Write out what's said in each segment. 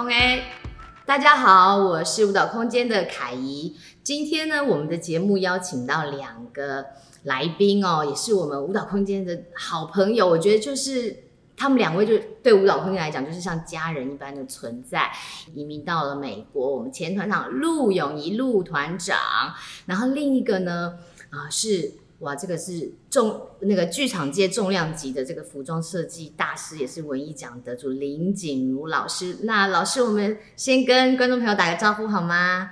ok 大家好，我是舞蹈空間的凱怡，今天呢，我們的節目邀請到兩個來賓哦，也是我們舞蹈空間的好朋友。我覺得就是他們兩位就，就對舞蹈空間來講，就是像家人一般的存在。移民到了美國，我們前團長路永宜路團長，然後另一個呢，啊、呃、是。哇，這個是重那個劇場界重量級的這個服裝設計大師，也是文藝獎得主林璟如老師。那老師，我們先跟觀眾朋友打個招呼好嗎？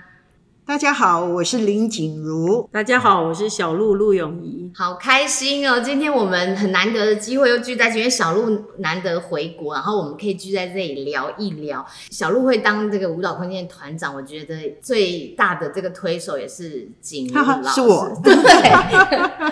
大家好，我是林璟如。大家好，我是小鹿路永宜。好開心哦，今天我們很難得的機會又聚在一起。因為小鹿難得回國，然後我們可以聚在這裡聊一聊。小鹿會當這個舞蹈空間的團長，我覺得最大的這個推手也是璟如老師，對對？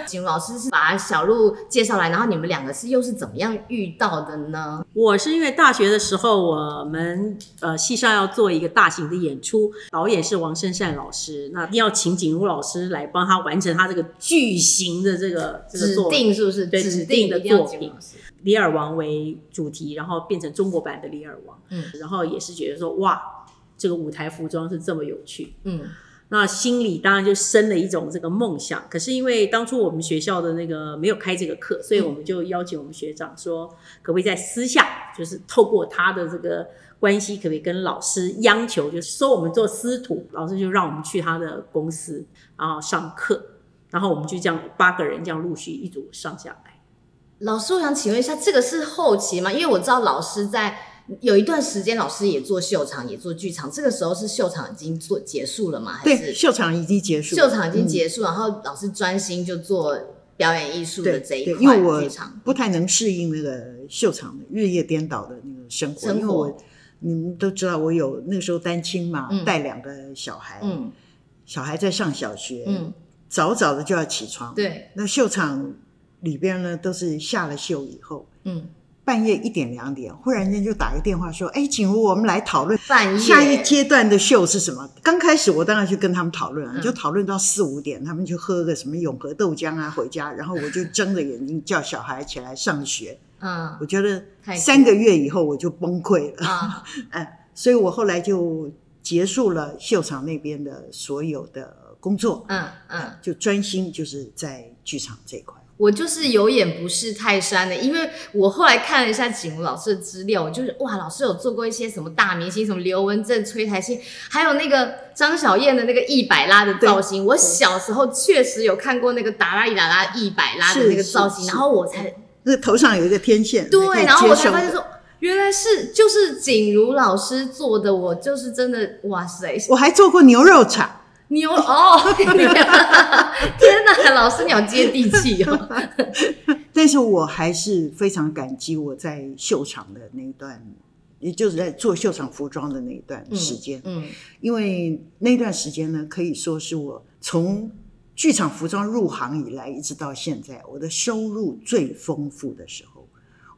璟如 老師是把小鹿介紹來，然後你們兩個是又是怎麼樣遇到的呢？我是因為大學的時候，我們呃系上要做一個大型的演出，導演是王生善老。老師，那一定要請璟如老師來幫他完成他這個巨型的這個作品指定，是不是？對指,定指定的作品《李爾王》為主題，然後變成中國版的《李爾王》。嗯，然後也是覺得說，哇，這個舞台服裝是這麼有趣。嗯，那心裡當然就生了一種這個夢想。可是因為當初我們學校的那個沒有開這個課，所以我們就邀請我們學長說，嗯、可不可以在私下，就是透過他的這個。關係可不可以跟老師央求，就收我們做師徒，老師就讓我們去他的公司然後上課，然後我們就這樣八個人這樣陸續一組上下來。老師，我想請問一下，這個是後期嗎？因為我知道老師在有一段時間，老師也做秀場，也做劇場。這個時候是秀場已經做結束了嗎？還是對，秀場已經結束，秀場已經結束。嗯，然後老師專心就做表演藝術的這一塊對對因為我場不太能適應那個秀場日夜顛倒的那個生活，生活你們都知道我有那個、時候單親嘛，嗯、帶兩個小孩，嗯、小孩在上小學，嗯、早早的就要起床。對，那秀場裡邊呢，都是下了秀以後，嗯、半夜一點兩點，忽然間就打個電話說：“哎、嗯，璟如，我們來討論下一階段的秀是什麼。半夜”剛開始我當然去跟他們討論啊、嗯、就討論到四五點，他們去喝個什麼永和豆漿啊回家，然後我就睜着眼睛 叫小孩起來上學。嗯，我覺得三個月以後我就崩潰了，哎、嗯 嗯，所以我後來就結束了秀場那邊的所有的工作，嗯嗯,嗯，就專心就是在劇場這一塊。我就是有眼不識泰山了，因為我後來看了一下璟如老師的資料，就是哇，老師有做過一些什麼大明星，什麼劉文正、崔苔菁，還有那個張小燕的那個一百拉的造型。對我小時候確實有看過那個達拉一達拉一百拉的那個造型，然後我才。那頭上有一個天線，對，然後我才發現說原來是就是璟如老師做的，我就是真的哇塞！我還做過牛肉場牛哦， 天哪，老師你好接地氣哦！ 但是我還是非常感激我在秀場的那一段，也就是在做秀場服裝的那一段時間，嗯，嗯，因為那段時間呢，可以說是我從。劇場服裝入行以來，一直到現在，我的收入最豐富的時候，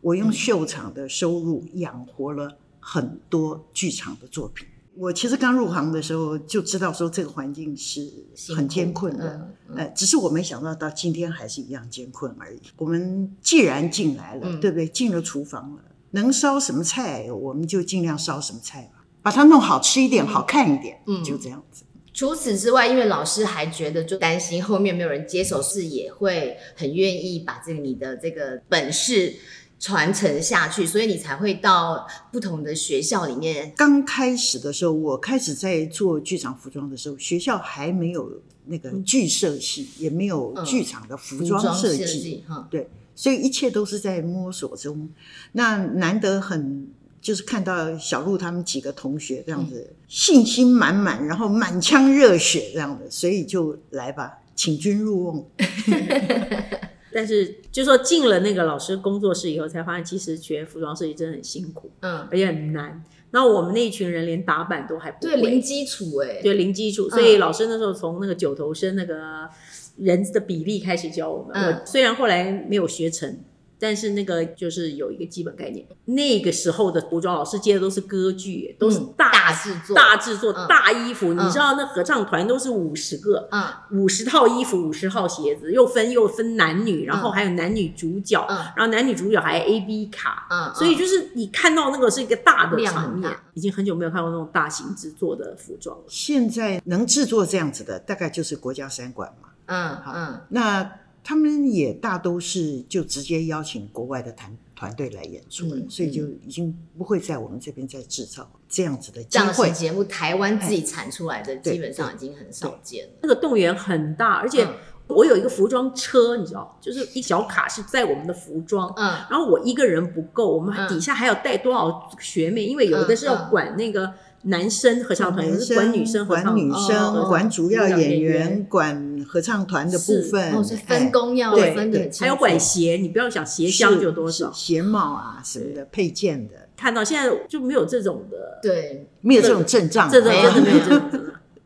我用秀場的收入養活了很多劇場的作品。我其實剛入行的時候就知道說這個環境是很艱困的，呃，只是我沒想到到今天還是一樣艱困而已。我們既然進來了，對不對？進了廚房了，能燒什麼菜我們就盡量燒什麼菜吧，把它弄好吃一點、好看一點，就這樣子。除此之外，因為老師還覺得就擔心後面沒有人接手，是也會很願意把這個你的這個本事傳承下去，所以你才會到不同的學校裡面。剛開始的時候，我開始在做劇場服裝的時候，學校還沒有那個劇社系，嗯、也沒有劇場的服裝設計，嗯、服裝設計，對，嗯、所以一切都是在摸索中。那難得很。就是看到小鹿他們幾個同學這樣子信心滿滿，然後滿腔熱血這樣的，所以就來吧，請君入瓮。 但是就說進了那個老師工作室以後，才發現其實學服裝設計真的很辛苦，嗯，而且很難。那我們那一群人連打板都還不會，對零基礎哎、欸，對，零基礎。所以老師那時候從那個九頭身那個人的比例開始教我們，嗯、我雖然後來沒有學成。但是那個就是有一個基本概念，那個時候的服裝老師接的都是歌劇，都是大製作、大製作、大衣服。你知道那合唱團都是五十個，五十套衣服、五十套鞋子，又分又分男女，然後還有男女主角，然後男女主角還有 A B 卡，所以就是你看到那個是一個大的場面，已經很久沒有看過那種大型制作的服裝了。現在能制作這樣子的，大概就是國家三館嘛，嗯，好，嗯，那。他們也大都是就直接邀請國外的團團隊來演出來，嗯、所以就已經不會在我們這邊再制造這樣子的這樣的節目。台灣自己產出來的基本上已經很少見了。哎、那個動員很大，而且我有一個服裝車，嗯、你知道，就是一小卡是載我們的服裝，嗯，然後我一個人不夠，我們底下還要帶多少學妹，因為有的是要管那個。嗯嗯男生合唱團是管女生，管女生，管主要演員，管合唱團的部分，是分工要分得很清楚。還有管鞋，你不要想鞋箱有多少，鞋帽啊什麼的配件的。看到現在就沒有這種的，對，沒有這種陣仗，真的沒有這種。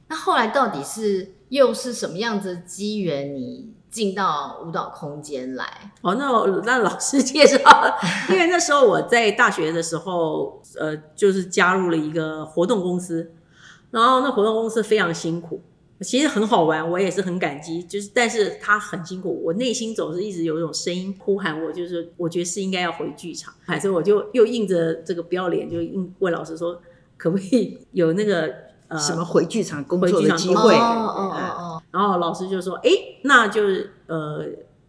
那後來到底是又是什麼樣子的機緣？你。進到舞蹈空間來哦，那、oh, no, 那老師介紹。因為那時候我在大學的時候， 呃，就是加入了一個活動公司，然後那活動公司非常辛苦，其實很好玩，我也是很感激。就是，但是他很辛苦，我內心總是一直有一種聲音呼喊我，就是我覺得是應該要回劇場，哎、所以我就又硬着這個不要臉，就硬問老師說，可不可以有那個、呃、什麼回劇場工作的機會？哦哦,哦哦哦。然後老師就說：“哎，那就是呃，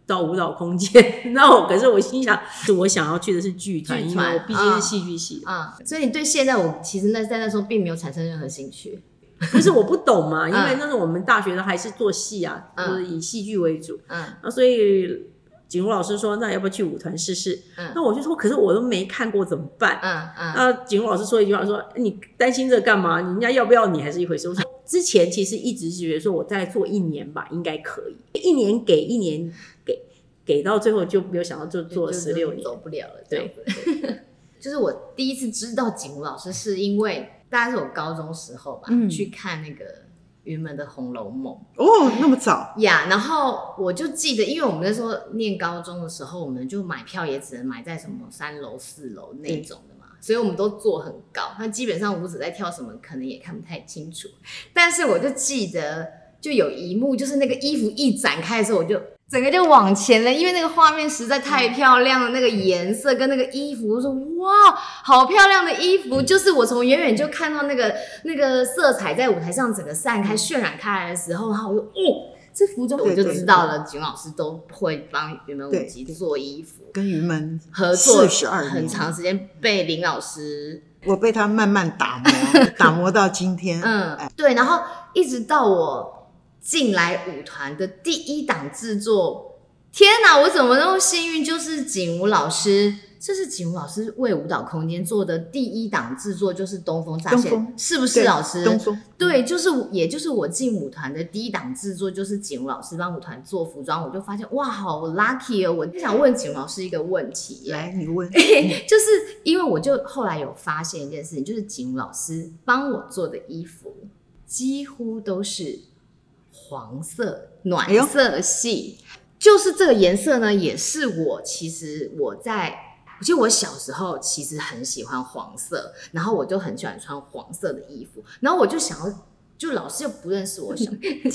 到舞蹈空間。那 我、no, 可是我心想，我想要去的是劇團，團，因為我畢竟是戲劇系的啊、嗯嗯。所以你對，現在我其實那在那時候並沒有產生任何興趣，不是我不懂嘛， 因為那時候我們大學的還是做戲啊，嗯、就是以戲劇為主。嗯，那、啊、所以璟如老師說，那要不要去舞團試試？嗯，那我就說，可是我都沒看過，怎麼辦？嗯嗯，那璟如老師說一句話，說你擔心這幹嘛？人家要不要你還是一回事。”之前其實一直是覺得說，我再做一年吧，應該可以，一年給一年給給，到最後就沒有想到就做了十六年，嗯、走不了了。對， 就是我第一次知道璟如老師，是因為大概是我高中時候吧，嗯、去看那個雲門的《紅樓夢》。哦，那麼早呀！Yeah, 然後我就記得，因為我們那時候念高中的時候，我們就買票也只能買在什麼三樓、四樓那種所以我們都坐很高，那基本上舞者在跳什麼可能也看不太清楚。但是我就記得，就有一幕，就是那個衣服一展開的時候，我就整個就往前了，因為那個畫面實在太漂亮了，嗯、那個顏色跟那個衣服，我就說哇，好漂亮的衣服！就是我從遠遠就看到那個那個色彩在舞台上整個散開、嗯、渲染開來的時候，然後我就哦。這服裝我就知道了。璟如老師都會幫雲門舞集做衣服，跟雲門合作四十二年，很長時間，被林老師，我被他慢慢打磨， 打磨到今天，嗯，哎、對，然後一直到我進來舞團的第一檔制作，天哪，我怎麼那麼幸運，就是璟如老師。這是璟如老師為舞蹈空間做的第一檔制作，就是《東風乍現》，是不是老師？東風對，就是，也就是我進舞團的第一檔制作，就是璟如老師幫舞團做服裝。我就發現，哇，好 lucky 哦！我就想問璟如老師一個問題，來，你問。 就是因為我就後來有發現一件事情，就是璟如老師幫我做的衣服幾乎都是黃色暖色系，哎、呦就是這個顏色呢，也是我其實我在。其實我小時候其實很喜歡黃色，然後我就很喜歡穿黃色的衣服，然後我就想要，就老師又不認識我，所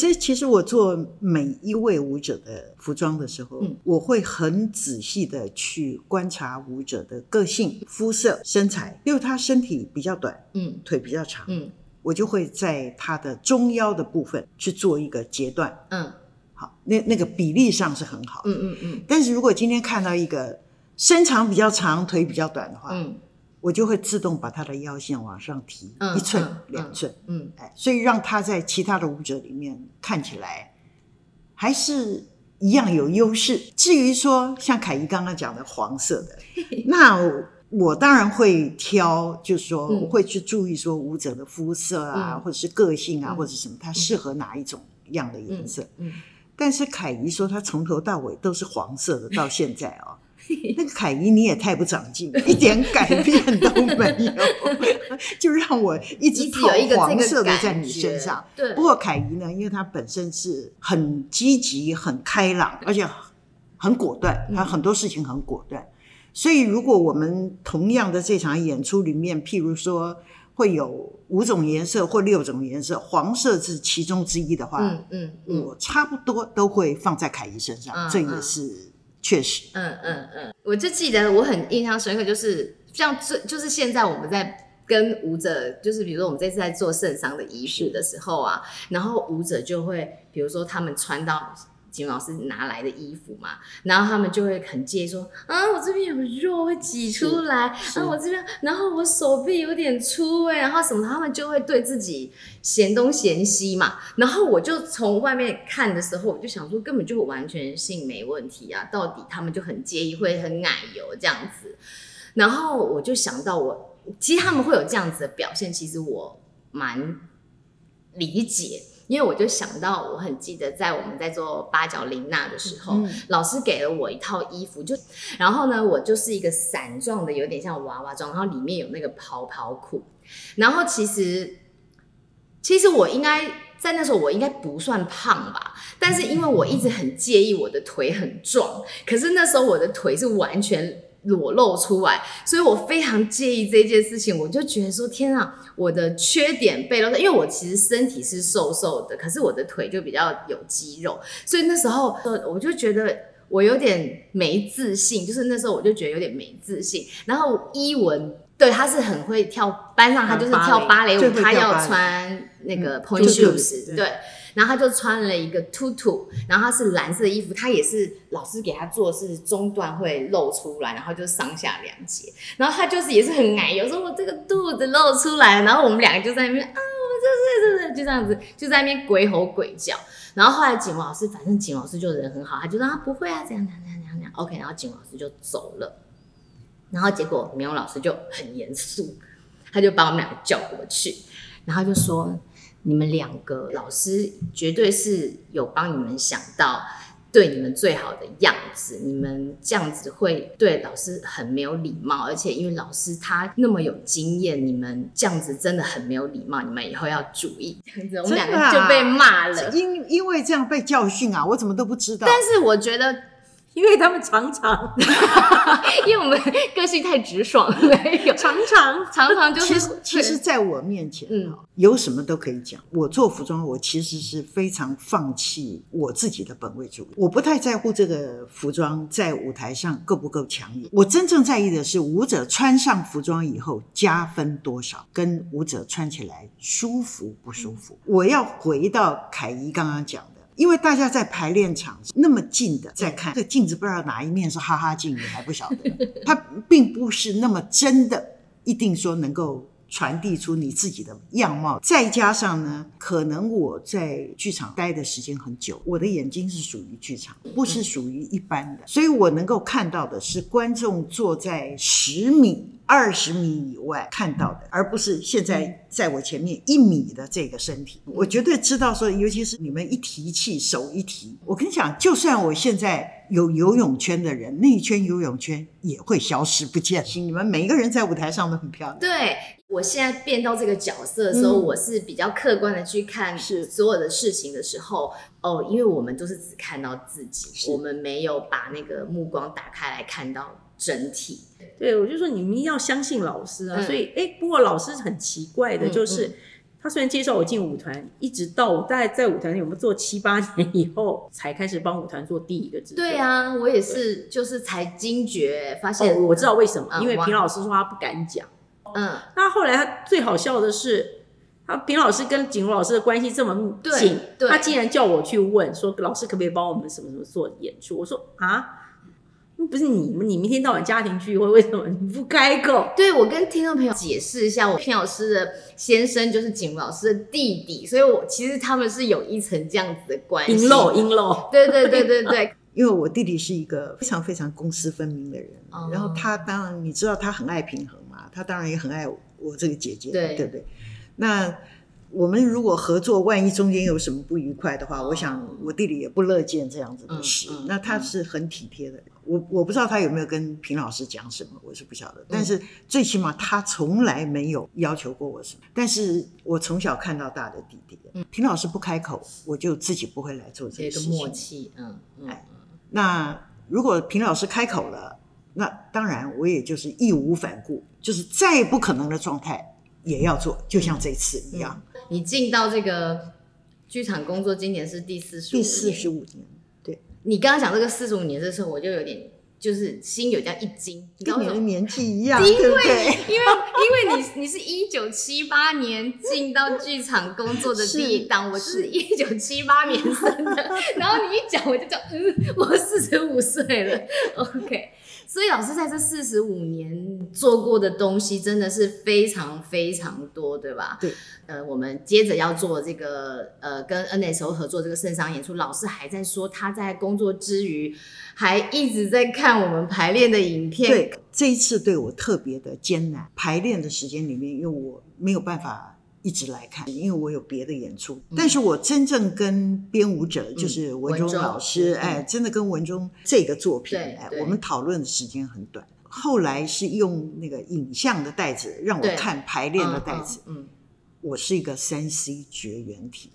以其實我做每一位舞者的服裝的時候，嗯，我會很仔細的去觀察舞者的個性、膚色、身材。因為他身體比較短，嗯，腿比較長，嗯，我就會在他的中腰的部分去做一個截斷，嗯，好，那那個比例上是很好的，嗯，嗯嗯嗯。但是如果今天看到一個。身長比較長，腿比較短的話，我就會自動把他的腰線往上提一寸兩寸。嗯，哎，所以讓他在其他的舞者裡面看起來還是一樣有優勢。至於說像凱怡剛剛講的黃色的，那我當然會挑，就是說我會去注意說舞者的膚色啊，或者是個性啊，或者什麼，他適合哪一種樣的顏色。但是凱怡說他從頭到尾都是黃色的，到現在哦。那個 凱怡，你也太不長進了，一點改變都沒有， 就讓我一直投黃色的在你身上。個個不過凱怡呢，因為她本身是很積極、很開朗，而且很果斷，她很多事情很果斷。嗯、所以，如果我們同樣的這場演出裡面，譬如說會有五種顏色或六種顏色，黃色是其中之一的話，嗯嗯，嗯，我差不多都會放在凱怡身上，嗯、這也是、嗯。確實，嗯嗯嗯，我就記得我很印象深刻，就是像最就是現在我們在跟舞者，就是比如說我們這次在做聖喪的儀式的時候啊，嗯、然後舞者就會，比如說他們穿到。秦老師拿來的衣服嘛，然後他們就會很介意說，啊，我這邊有肉會擠出來啊，我這邊，然後我手臂有點粗哎、欸，然後什麼，他們就會對自己嫌東嫌西嘛。然後我就從外面看的時候，我就想說根本就完全性沒問題啊，到底他們就很介意會很奶油這樣子。然後我就想到我，我其實他們會有這樣子的表現，其實我蠻理解。因為我就想到，我很記得在我們在做八角琳娜的時候，嗯哼，老師給了我一套衣服，就然後呢，我就是一個傘狀的，有點像娃娃裝，然後裡面有那個泡泡褲，然後其實其實我應該在那時候我應該不算胖吧，但是因為我一直很介意我的腿很壯，可是那時候我的腿是完全。裸露出來，所以我非常介意這件事情。我就覺得說，天啊，我的缺點被露出來，因為我其實身體是瘦瘦的，可是我的腿就比較有肌肉，所以那時候，我就覺得我有點沒自信。就是那時候，我就覺得有點沒自信。然後伊文，對，他是很會跳，班上他就是跳芭蕾舞，蕾他要穿那個 pointe shoes，對。對然後他就穿了一個兔兔，然後他是藍色的衣服，他也是老師給他做是中段會露出來，然後就上下兩截。然後他就是也是很矮，有時候我這個肚子露出來，然後我們兩個就在那邊啊，我們就是就是、就是、就這樣子就在那邊鬼吼鬼叫。然後後來璟如老師，反正璟如老師就人很好，他就說啊不會啊這樣這樣這樣這樣，這樣 OK。然後璟如老師就走了，然後結果明老師就很嚴肅，他就把我們兩個叫過去，然後就說。你們兩個老師絕對是有幫你們想到對你們最好的樣子，你們這樣子會對老師很沒有禮貌，而且因為老師他那麼有經驗，你們這樣子真的很沒有禮貌，你們以後要注意。這樣子，我們兩個就被罵了，因因為這樣被教訓啊，我怎麼都不知道。但是我覺得。因為他們常常，哈哈哈，因為我們個性太直爽了，沒有 常常 常常就是其實，其實在我面前，嗯，有什麼都可以講。我做服裝，我其實是非常放棄我自己的本位主義，我不太在乎這個服裝在舞台上夠不夠搶眼。我真正在意的是舞者穿上服裝以後加分多少，跟舞者穿起來舒服不舒服。嗯、我要回到凱怡剛剛講的。因為大家在排練場那麼近的在看，這個、嗯、鏡子不知道哪一面是哈哈鏡，你還不曉得， 它並不是那麼真的，一定說能夠。傳遞出你自己的樣貌，再加上呢，可能我在劇場待的時間很久，我的眼睛是屬於劇場，不是屬於一般的，所以我能夠看到的是觀眾坐在十米、二十米以外看到的，而不是現在在我前面一米的這個身體。我絕對知道說，說尤其是你們一提氣、手一提，我跟你講，就算我現在有游泳圈的人，那一圈游泳圈也會消失不見。你們每一個人在舞台上都很漂亮。對。我現在變到這個角色的時候，我是比較客觀的去看所有的事情的時候哦，因為我們都是只看到自己，我們沒有把那個目光打開來看到整體。對，我就說你們一定要相信老師啊。所以，哎，不過老師很奇怪的，就是他雖然介紹我進舞團，一直到我大概在舞團裡我們做七八年以後，才開始幫舞團做第一個職。對啊，我也是，就是才驚覺發現。我知道為什麼，因為平老師說他不敢講。嗯，那後來他最好笑的是，他平老師跟璟如老師的關係這麼緊，他竟然叫我去問說老師可不可以幫我們什麼什麼做演出？我說啊、嗯，不是你們，你明天到晚家庭聚會，為什麼你不開口？對，我跟聽眾朋友解釋一下，我平老師的先生就是璟如老師的弟弟，所以我其實他們是有一層這樣子的關係，陰漏陰漏，law, 對對對對對， 因為我弟弟是一個非常非常公私分明的人，嗯、然後他當然你知道他很愛平衡。他當然也很愛我這個姐姐，對，對不對？那我們如果合作，萬一中間有什麼不愉快的話，哦、我想我弟弟也不樂見這樣子的事。嗯嗯、那他是很體貼的，嗯、我我不知道他有沒有跟平老師講什麼，我是不曉得。嗯、但是最起碼他從來沒有要求過我什麼。但是我從小看到大的弟弟，嗯、平老師不開口，我就自己不會來做這個事情。默契，嗯，嗯哎。那如果平老師開口了，嗯、那當然我也就是義無反顧。就是再不可能的狀態也要做，就像這次一樣。嗯，你進到這個劇場工作，今年是第四十五年，第四十五年，對。你剛剛講這個四十五年的時候，我就有點就是心有這樣一驚，你我跟我的年紀一樣。因為對對因為因為你你是一九七八年進到劇場工作的第一檔， 是是我是一九七八年生的， 然後你一講我就講，嗯，我四十五歲了。OK。所以老師在這四十五年做過的東西真的是非常非常多，對吧？對，呃，我們接着要做這個呃跟 NSO 合作這個聖桑演出，老師還在說他在工作之餘還一直在看我們排練的影片。對，這一次對我特別的艱難，排練的時間裡面，因為我沒有辦法。一直來看，因為我有別的演出，但是我真正跟編舞者、嗯、就是文中，文中老師，哎，真的跟文中這個作品，嗯、哎，對我們討論的時間很短。後來是用那個影像的帶子讓我看排練的帶子，對嗯、我是一個三 C 絕緣體，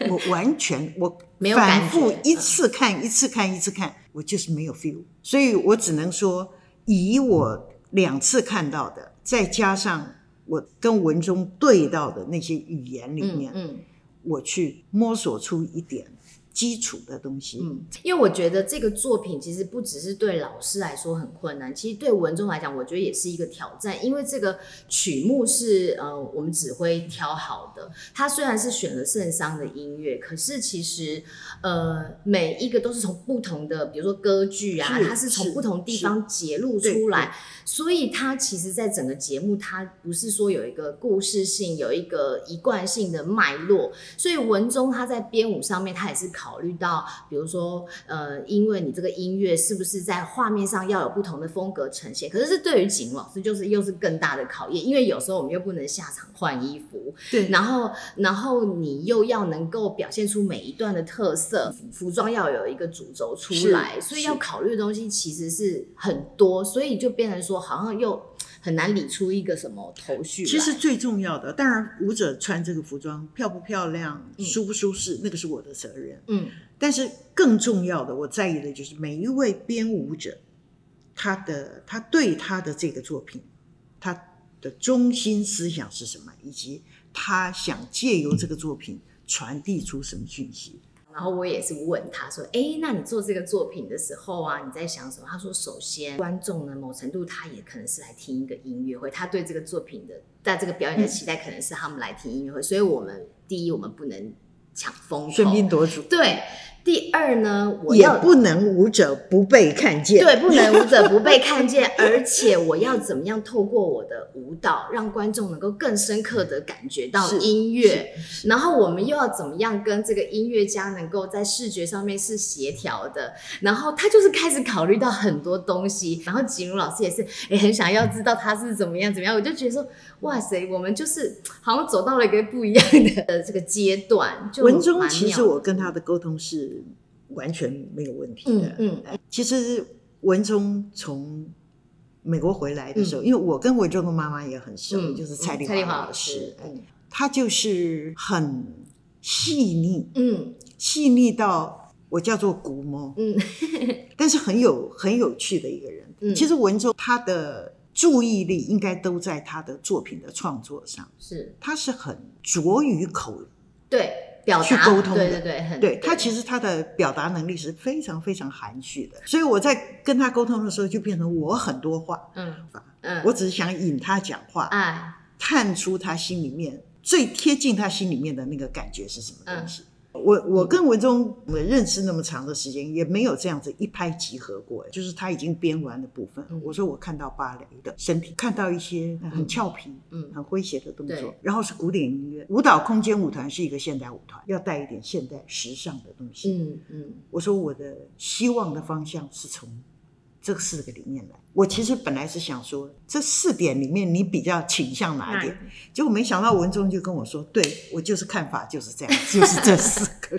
嗯、我完全我沒有反覆一次看 一次看一次看，一次看，我就是沒有 feel，所以我只能說以我兩次看到的，再加上。我跟文中對到的那些語言裡面，嗯嗯、我去摸索出一點基礎的東西。嗯，因為我覺得這個作品其實不只是對老師來說很困難，其實對文中來講，我覺得也是一個挑戰。因為這個曲目是呃我們指揮挑好的，它雖然是選了聖桑的音樂，可是其實呃每一個都是從不同的，比如說歌劇啊，對它是從不同地方節錄出來。所以它其實，在整個節目，它不是說有一個故事性，有一個一貫性的脈絡。所以文中他在編舞上面，他也是考慮到，比如說，呃，因為你這個音樂是不是在畫面上要有不同的風格呈現？可是，這對於璟老師就是又是更大的考驗，因為有時候我們又不能下場換衣服，對，然後，然後你又要能夠表現出每一段的特色，服裝要有一個主軸出來，是所以要考慮的東西其實是很多，所以就變成說。我好像又很難理出一個什麼頭緒。其實最重要的，當然舞者穿這個服裝漂不漂亮、嗯、舒不舒適，那個是我的責任。嗯，但是更重要的，我在意的就是每一位編舞者，他的他對他的這個作品，他的中心思想是什麼，以及他想借由這個作品傳遞出什麼訊息。然後我也是問他說：“哎，那你做這個作品的時候啊，你在想什麼？”他說：“首先，觀眾呢，某程度他也可能是來聽一個音樂會，他對這個作品的在這個表演的期待，可能是他們來聽音樂會。嗯、所以，我們第一，我們不能搶風頭，喧賓奪主，對。”第二呢，我要也不能舞者不被看見，對，不能舞者不被看見， 而且我要怎麼樣透過我的舞蹈讓觀眾能夠更深刻的感覺到音樂，然後我們又要怎麼樣跟這個音樂家能夠在視覺上面是協調的，然後他就是開始考慮到很多東西，然後璟如老師也是也、欸、很想要知道他是怎麼樣怎麼樣，我就覺得說，哇塞，我們就是好像走到了一個不一樣的這個階段。就文中其實我跟他的溝通是。完全沒有問題的。嗯，嗯，其實文中從美國回來的時候，嗯、因為我跟文中的媽媽也很熟，嗯、就是蔡麗華老,老師。嗯，他就是很細膩，嗯，細膩到我叫做古摸，嗯， 但是很有很有趣的一個人。嗯、其實文中他的注意力應該都在他的作品的創作上，是，他是很拙於口，對。表達，去溝通的，對對對，對，他其實他的表達能力是非常非常含蓄的，所以我在跟他溝通的時候，就變成我很多話，嗯，嗯，我只是想引他講話，哎、嗯，探出他心裡面最貼近他心裡面的那個感覺是什麼東西。嗯我我跟文中我們認識那麼長的時間，也沒有這樣子一拍即合過。就是他已經編完的部分，我說我看到芭蕾的身體，看到一些很俏皮、嗯，嗯很詼諧的動作，嗯嗯、然後是古典音樂。舞蹈空間舞團是一個現代舞團，要帶一點現代時尚的東西。嗯嗯，嗯我說我的希望的方向是從。這四個裡面來，我其實本來是想說這四點裡面你比較傾向哪一點？結果沒想到文中就跟我說，對我就是看法就是這樣，就是這四個。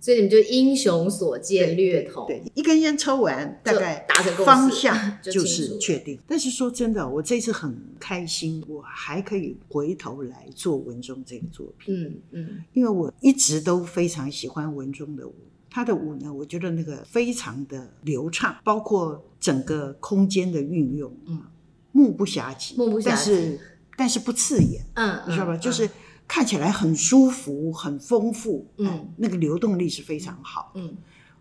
所以你就英雄所見略同。對，對，一根煙抽完，大概達成方向就是確定。但是說真的，我這次很開心，我還可以回頭來做文中這個作品。嗯嗯，因為我一直都非常喜歡文中的舞，他的舞呢，我覺得那個非常的流暢，包括。整個空間的運用，嗯，目不暇接，目不暇，但是但是不刺眼，嗯，你知道吧？嗯、就是看起來很舒服，很豐富，嗯，嗯，那個流動力是非常好，嗯，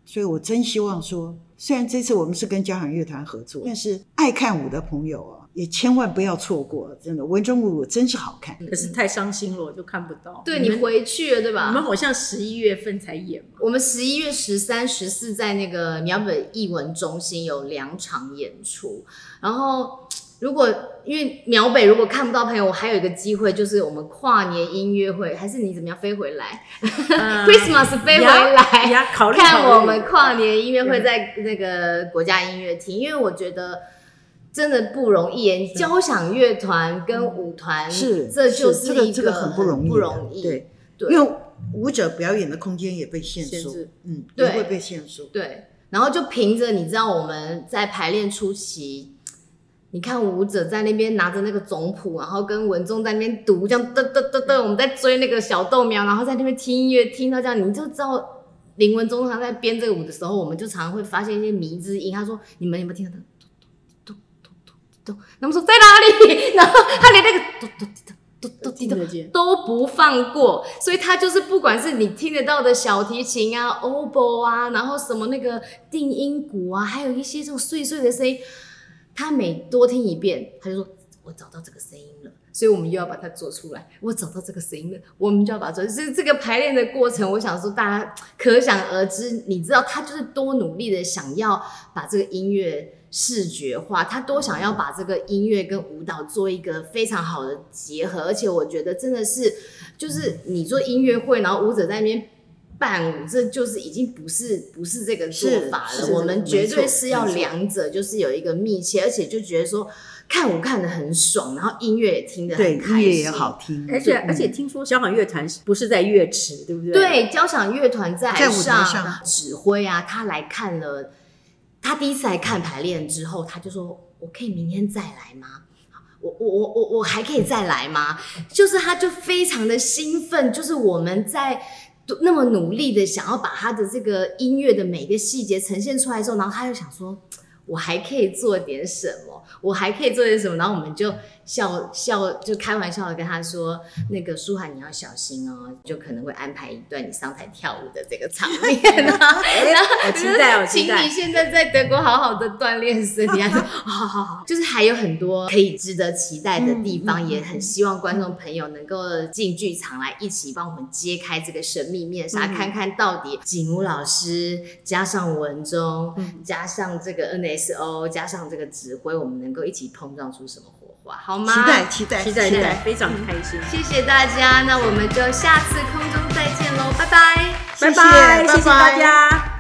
所以我真希望說，雖然這次我們是跟交響樂團合作，但是愛看舞的朋友哦。嗯也千萬不要錯過，真的《文中舞》真是好看，嗯、可是太傷心了，我就看不到。對，你回去了，對吧？我們好像十一月份才演。我們十一月十三、十四在那個苗北藝文中心有兩場演出，然後如果因為苗北如果看不到朋友，我還有一個機會，就是我們跨年音樂會，還是你怎麼樣飛回來、嗯、 ？Christmas 飛回來，要要考慮看我們跨年音樂會在那個國家音樂廳，嗯、因為我覺得。真的不容易，交響樂團跟舞團，是、嗯、這就是一個很不容易，這個這個、不容易，對，對因為舞者表演的空間也被限縮，限制嗯，對，也會被限制，對，然後就憑着你知道我們在排練初期，你看舞者在那邊拿着那個總譜，然後跟文中在那邊讀，這樣噔噔噔噔，我們在追那個小豆苗，然後在那邊聽音樂，聽到這樣，你就知道林文中常在編這個舞的時候，我們就常常會發現一些迷之音，他說你們有沒有聽到？然後說在哪裡？然後他連那個嘟嘟嘟嘟嘟嘟都不放過，所以他就是不管是你聽得到的小提琴啊、oboe 啊，然後什麼那個定音鼓啊，還有一些這種碎碎的聲音，他每多聽一遍，他就說，我找到這個聲音了。所以我們又要把它做出來。我找到這個聲音了，我們就要把它做。就是這個排練的過程，我想說大家可想而知，你知道他就是多努力的想要把這個音樂。視覺化，他多想要把這個音樂跟舞蹈做一個非常好的結合，嗯、而且我覺得真的是，就是你做音樂會，然後舞者在那邊伴舞，這就是已經不是不是這個做法了。我們絕對是要兩者就是有一個密切，而且就覺得說看舞看得很爽，然後音樂也聽得很開心對，音樂也好聽。而且對而且聽說交響樂團不是在樂池，嗯、對不對？對，交響樂團在在舞台上指揮啊，他來看了。他第一次來看排練之後，他就說：“我可以明天再來嗎？我我我我我還可以再來嗎？”就是他就非常的興奮，就是我們在那麼努力的想要把他的這個音樂的每一個細節呈現出來之後，然後他就想說。我還可以做點什麼？我還可以做點什麼？然後我們就笑笑，就開玩笑的跟他說：“那個書涵，你要小心哦。”就可能會安排一段你上台跳舞的這個場面啊。我期待，我期待。請你現在在德國好好的鍛鍊身體啊！他說，好好好。就是還有很多可以值得期待的地方，也很希望觀眾朋友能夠進劇場來一起幫我們揭開這個神秘面紗，看看到底璟如老師加上文中加上這個 NSO。S.O. 加上這個指揮，我們能夠一起碰撞出什麼火花？好嗎？期待期待期待，是期待非常開心，嗯，謝謝大家。那我們就下次空中再見嘍，拜拜，拜拜，謝謝大家。